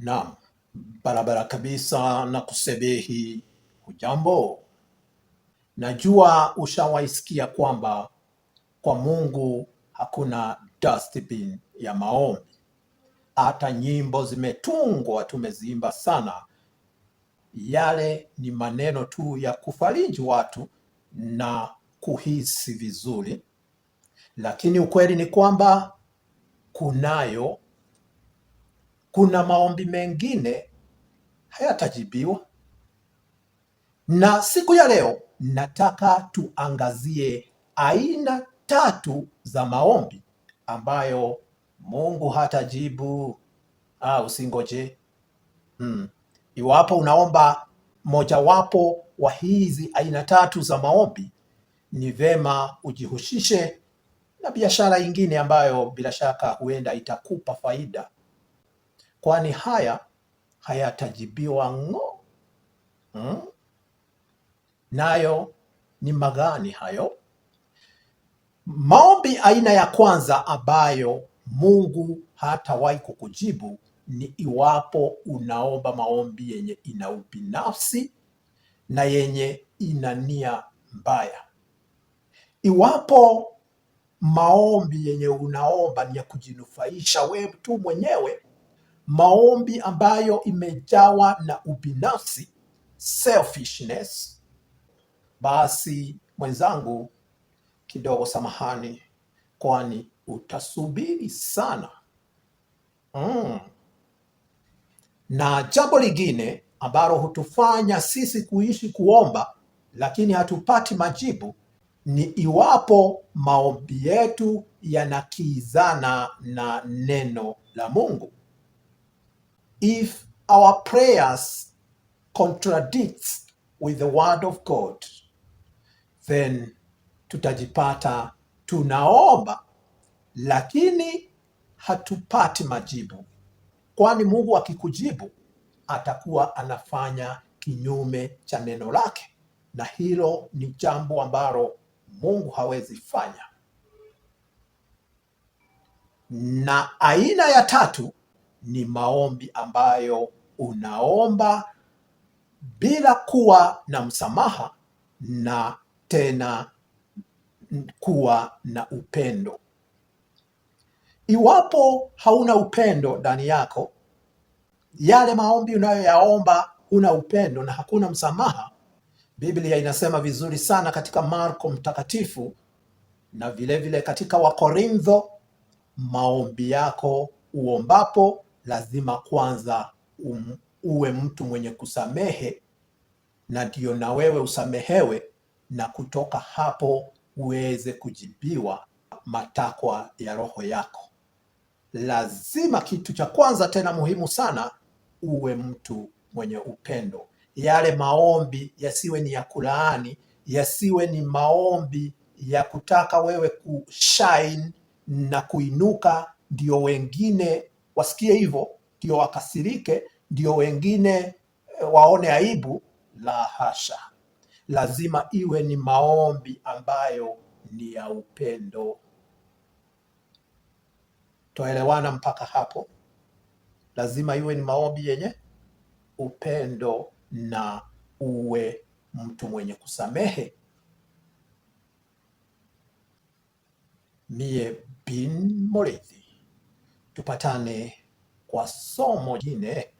Naam, barabara kabisa na kusebehi. Hujambo, najua ushawaisikia kwamba kwa Mungu hakuna dustbin ya maombi. Hata nyimbo zimetungwa, tumeziimba sana. Yale ni maneno tu ya kufariji watu na kuhisi vizuri, lakini ukweli ni kwamba kunayo kuna maombi mengine hayatajibiwa. Na siku ya leo nataka tuangazie aina tatu za maombi ambayo Mungu hatajibu. Ah, usingoje. Hmm. Iwapo unaomba mojawapo wa hizi aina tatu za maombi, ni vema ujihusishe na biashara ingine ambayo bila shaka huenda itakupa faida kwani haya hayatajibiwa ng'o. Hmm? Nayo ni magani hayo? Maombi aina ya kwanza ambayo Mungu hatawahi kukujibu ni iwapo unaomba maombi yenye ina ubinafsi na yenye ina nia mbaya. Iwapo maombi yenye unaomba ni ya kujinufaisha wewe tu mwenyewe, maombi ambayo imejawa na ubinafsi selfishness, basi mwenzangu, kidogo samahani, kwani utasubiri sana mm. Na jambo lingine ambalo hutufanya sisi kuishi kuomba lakini hatupati majibu ni iwapo maombi yetu yanakizana na neno la Mungu if our prayers contradict with the word of God, then tutajipata tunaomba lakini hatupati majibu, kwani Mungu akikujibu atakuwa anafanya kinyume cha neno lake, na hilo ni jambo ambalo Mungu hawezi fanya. Na aina ya tatu ni maombi ambayo unaomba bila kuwa na msamaha na tena kuwa na upendo. Iwapo hauna upendo ndani yako, yale maombi unayoyaomba huna upendo na hakuna msamaha, Biblia inasema vizuri sana katika Marko Mtakatifu na vilevile vile katika Wakorintho, maombi yako uombapo lazima kwanza um, uwe mtu mwenye kusamehe na ndiyo na wewe usamehewe, na kutoka hapo uweze kujibiwa matakwa ya roho yako. Lazima kitu cha kwanza tena muhimu sana uwe mtu mwenye upendo. Yale maombi yasiwe ni ya kulaani, yasiwe ni maombi ya kutaka wewe kushine na kuinuka ndio wengine wasikie hivyo ndio wakasirike, ndio wengine eh, waone aibu? La hasha, lazima iwe ni maombi ambayo ni ya upendo. Twaelewana mpaka hapo? Lazima iwe ni maombi yenye upendo na uwe mtu mwenye kusamehe. Mie bin Muriithi tupatane kwa somo jingine.